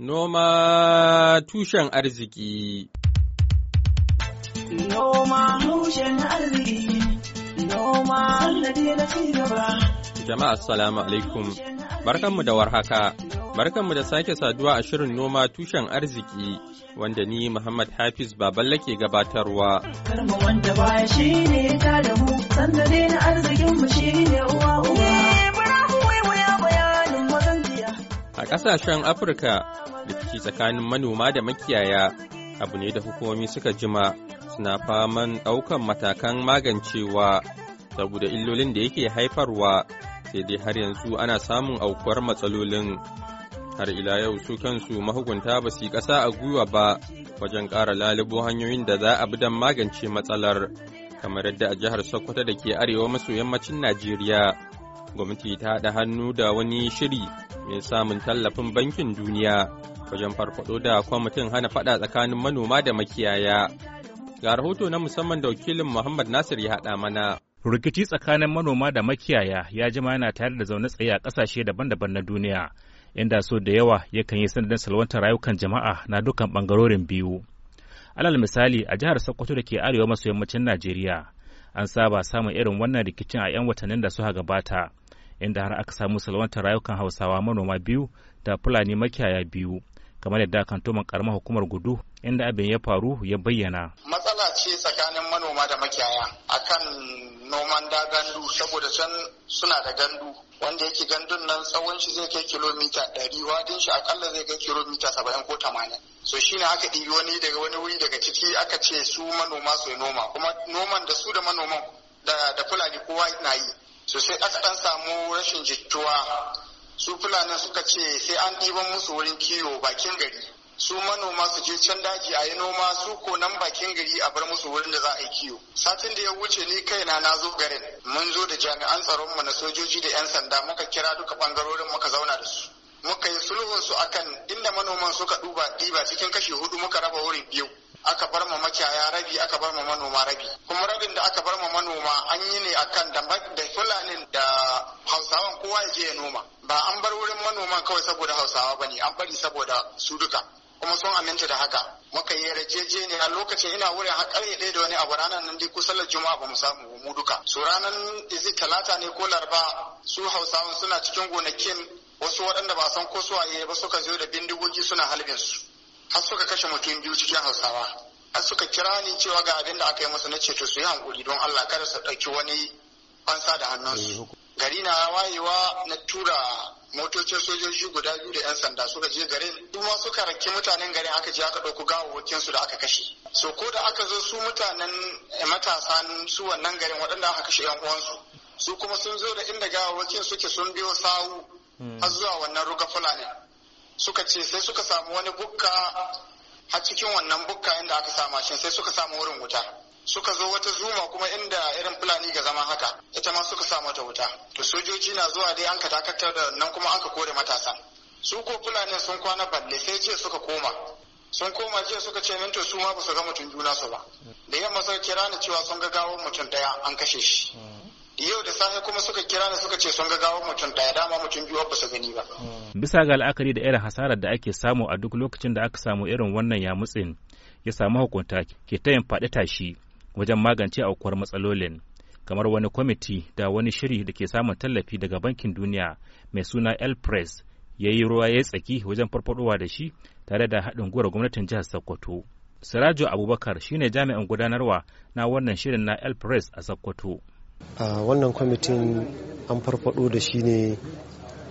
Noma tushen arziki Noma tushen arziki Noma gaba Jama'a assalamu alaikum barkanmu da warhaka barkanmu da sake saduwa a shirin noma tushen arziki wanda ni Muhammad Hafiz Baballe ke gabatarwa Karma wanda baya ne ta da mu sanda na arzikin mu ne uwa uwa eh, A ƙasashen Afirka, rikici tsakanin manoma da makiyaya abu ne da hukumomi suka jima suna faman ɗaukan matakan magancewa saboda illolin da yake haifarwa sai dai har yanzu ana samun aukuwar matsalolin har ila yau su kansu mahukunta ba su yi ƙasa a gwiwa ba wajen ƙara lalubo hanyoyin da za a bi don magance matsalar kamar yadda a jihar sokoto da ke arewa maso yammacin najeriya gwamnati ta haɗa hannu da wani shiri mai samun tallafin bankin duniya wajen farfado da kwamitin hana fada tsakanin manoma da makiyaya. Ga rahoto na musamman da wakilin Muhammad Nasir ya haɗa mana. Rikici tsakanin manoma da makiyaya ya jima yana tare da zaune tsaye a ƙasashe daban-daban na duniya, inda so da yawa yakan yi sanadin salwantar rayukan jama'a na dukkan ɓangarorin biyu. Alal misali a jihar Sokoto da ke arewa maso yammacin Najeriya, an saba samun irin wannan rikicin a 'yan watannin da suka gabata, inda har aka samu salwantar rayukan Hausawa manoma biyu da Fulani makiyaya biyu kamar yadda kantoman karamar hukumar gudu inda abin ya faru ya bayyana matsala ce tsakanin manoma da makiyaya kan noman da gandu saboda can suna da gandu wanda yake gandun nan tsawon shi zai kai kilomita ɗari wadin shi akalla zai kai kilomita saba'in ko tamanin so shi ne aka ɗibi wani daga wani wuri daga ciki aka ce su manoma su noma kuma noman da su da manoman da fulani kowa na yi so sai aka ɗan samu rashin jituwa su fulani suka ce sai an ɗiban musu wurin kiwo bakin gari su manoma su je can daji a yi noma su ko nan bakin gari a bar musu wurin da za a yi kiwo satin da ya wuce ni kaina na zo garin mun zo da jami'an tsaron mu na sojoji da 'yan sanda muka kira duka bangarorin muka zauna da su muka yi sulhun su akan inda manoman suka duba ɗiba cikin kashi hudu muka raba wurin biyu aka bar ma makiyaya rabi aka bar ma manoma rabi kuma rabin da aka bar ma manoma an yi ne akan da fulanin da hausawan kowa ya je ya noma ba an bar wurin manoman kawai saboda hausawa ba ne an bari saboda su duka kuma sun aminta da haka muka yi a lokacin ina wurin har ƙarfe ɗaya da wani abu ranar nan dai kusan juma'a ba mu samu mu duka su ranar izi talata ne ko laraba su Hausawa suna cikin gonakin wasu waɗanda ba san ko suwaye ba suka zo da bindigogi suna halbin su har suka kashe mutum biyu cikin hausawa har suka kira ni cewa ga abin da aka yi musu na ceto su yi hankuli don Allah kada su ɗauki wani fansa da hannunsu gari na wayewa na tura motocin sojoji guda biyu da 'yan sanda suka je garin kuma suka rake mutanen garin aka je aka ɗauko gawawwakin su da aka kashe so ko da aka zo su mutanen eh, matasa su wannan garin waɗanda aka kashe 'yan uwansu su kuma sun zo da inda gawawakin suke sun biyo sawu hmm. har zuwa wannan ruga fulani suka ce sai suka samu wani bukka har cikin wannan bukka inda aka samu, shi sai suka samu wurin wuta suka zo wata zuma kuma inda irin fulani ga zama haka ita ma suka sa mata wuta to sojoji na zuwa dai an ka dakatar da nan kuma an ka kore matasa su ko fulani sun kwana balle sai jiya suka koma sun koma jiya suka ce to su ma basu ga mutum juna su ba da yamma suka kira ni cewa sun ga gawar mutum daya an kashe shi yau da safe kuma suka kira ni suka ce sun ga gawar mutum daya dama mutum biyu ba su gani ba bisa ga la'akari da irin hasarar da ake samu a duk lokacin da aka samu irin wannan yamutsin ya samu hukunta ke ta yin faɗi tashi wajen magance aukuwar matsalolin kamar wani kwamiti da wani shiri da ke samun tallafi daga bankin duniya mai suna el press ya yi ruwa ya tsaki wajen farfadowa da shi tare da haɗin guwar gwamnatin jihar sokoto sirajo abubakar shine jami'in gudanarwa na wannan shirin na el press a sokoto wannan kwamitin an farfado da shi ne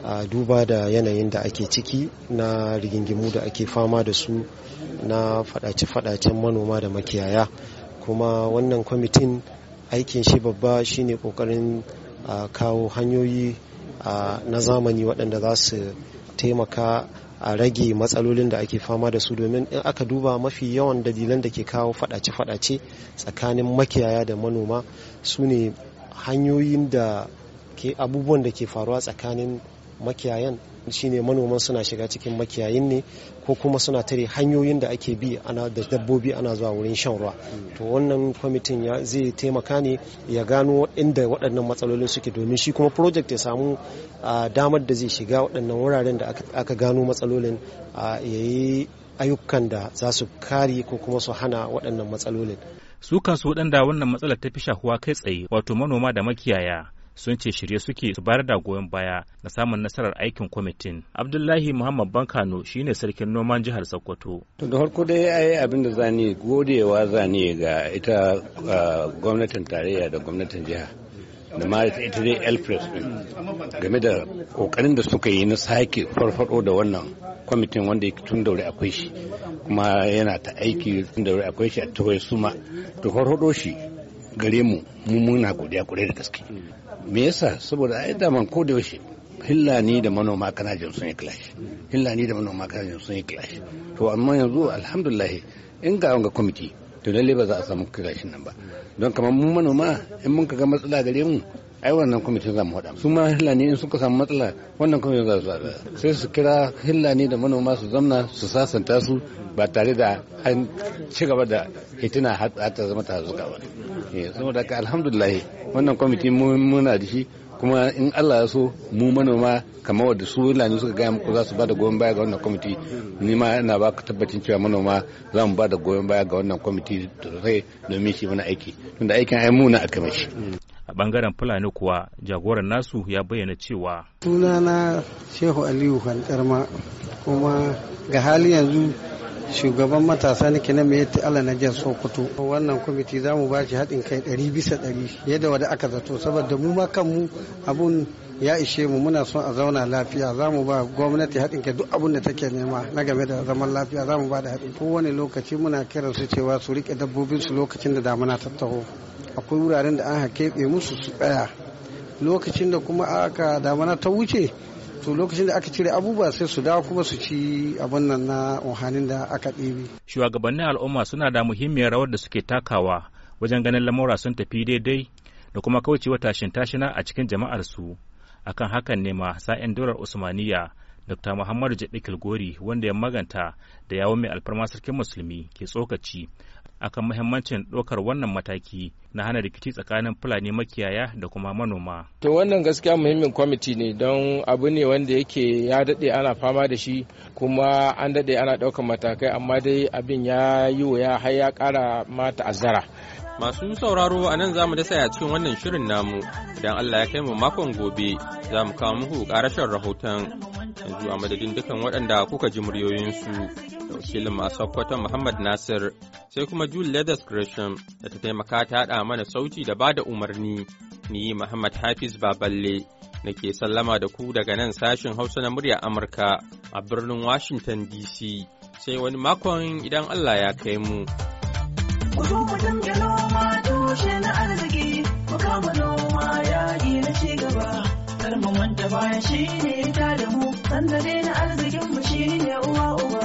a duba da yanayin da ake ciki na rigingimu da ake fama da su na fadace-fadacen manoma da makiyaya kuma wannan kwamitin aikin shi babba shine kokarin kawo hanyoyi na zamani waɗanda za su taimaka a rage matsalolin da ake fama da su domin in aka duba mafi yawan dalilan da ke kawo fadace-fadace tsakanin makiyaya da manoma su ne hanyoyin da ke abubuwan da ke faruwa tsakanin makiyayan shine manoman suna shiga cikin makiyayin ne ko kuma suna tare hanyoyin da ake bi ana da dabbobi ana zuwa wurin shan ruwa to wannan kwamitin zai taimaka ne ya gano inda waɗannan matsalolin suke domin shi kuma project ya samu damar da zai shiga waɗannan wuraren da aka gano matsalolin ya yi ayyukan da za su kare ko kuma su hana waɗannan matsalolin su kansu waɗanda wannan matsalar ta fi shahuwa kai tsaye wato manoma da makiyaya sun ce shirye suke su bayar da goyon baya na samun nasarar aikin kwamitin abdullahi muhammad bankano shine sarkin noman jihar sokoto to da farko dai ai abin da zani godewa zani ga ita gwamnatin tarayya da gwamnatin jiha da ma ita dai elpres game da kokarin da suka yi na sake farfado da wannan kwamitin wanda yake tun daure akwai shi kuma yana ta aiki tun daure akwai shi a turai suma to farfado shi gare mu mu muna godiya kure da gaske me yasa saboda ai daman ko da yaushe hillani da manoma kana jin sun yi clash hillani da manoma kana jin sun yi clash to amma yanzu alhamdulillah in ga wanga kwamiti to lalle ba za a samu clash nan ba don kamar mu manoma in mun ga matsala gare mu ai wannan kwamitin za mu haɗa su ma hillani in suka samu matsala wannan kwamitin za su haɗa sai su kira hillani da manoma su zamna su sasanta su ba tare da an ci gaba da hitina har ta zama ta zuka ba eh, saboda ka alhamdulillah wannan kwamitin muna da shi kuma in Allah ya so mu manoma kamar wadda su lani suka gaya muku za su bada goyon baya ga wannan kwamiti ni ma ina ba ka tabbacin cewa manoma za mu da goyon baya ga wannan kwamiti sosai domin shi mana aiki tunda aikin ai muna aka mashi a bangaren fulani kuwa jagoran nasu ya bayyana cewa sunana shehu aliyu hankarma kuma ga hali yanzu shugaban matasa nake na mai ala na jihar sokoto wannan kwamiti za mu ba shi haɗin kai ɗari bisa ɗari yadda wada aka zato saboda mu ma kanmu abun ya ishe mu muna son a zauna lafiya za mu ba gwamnati haɗin kai duk abunda da take nema na game da zaman lafiya za mu ba da haɗin kowane lokaci muna kiran su cewa su riƙe dabbobin su lokacin da damuna ta taho akwai wuraren da an keɓe musu su tsaya lokacin da kuma aka damana ta wuce to lokacin da aka cire abubuwa sai su dawo kuma su ci abin nan na ohanin da aka ɗebe. shugabannin al'umma suna da muhimmiyar rawar da suke takawa wajen ganin lamura sun tafi daidai da kuma kaucewa tashin tashina a cikin jama'ar su akan hakan ne ma sa'in usmaniyya usmaniya dr muhammadu jaɗi kilgori wanda ya maganta da yawon mai alfarma sarkin musulmi ke tsokaci akan muhimmancin ɗaukar wannan mataki na hana rikici tsakanin fulani makiyaya da kuma manoma. To wannan gaskiya muhimmin kwamiti ne don abu ne wanda yake ya daɗe ana fama da shi kuma an daɗe ana ɗaukar matakai amma dai abin ya yi wuya har ya ƙara ma ta'azzara. Masu sauraro a nan za mu dasa cikin wannan shirin namu, idan Allah ya kai mu makon gobe za mu kawo muku ƙarashen rahoton. Yanzu a madadin dukan waɗanda kuka ji muryoyinsu da wakilin masu kwata Muhammad Nasir, sai kuma Jule Leathers Gresham da ta taimaka ta haɗa mana sauti da ba da umarni. Ni Muhammad Hafiz Baballe na ke sallama da ku daga nan sashin Hausa na murya Amurka a birnin Washington DC. Sai wani makon idan Allah ya kai mu. ku zo mu dinga noma tushe na arziki ku kama noma yaƙi na ci gaba kar mu manta baya shine ta da mu sandare na arzikin mu shine uwa uba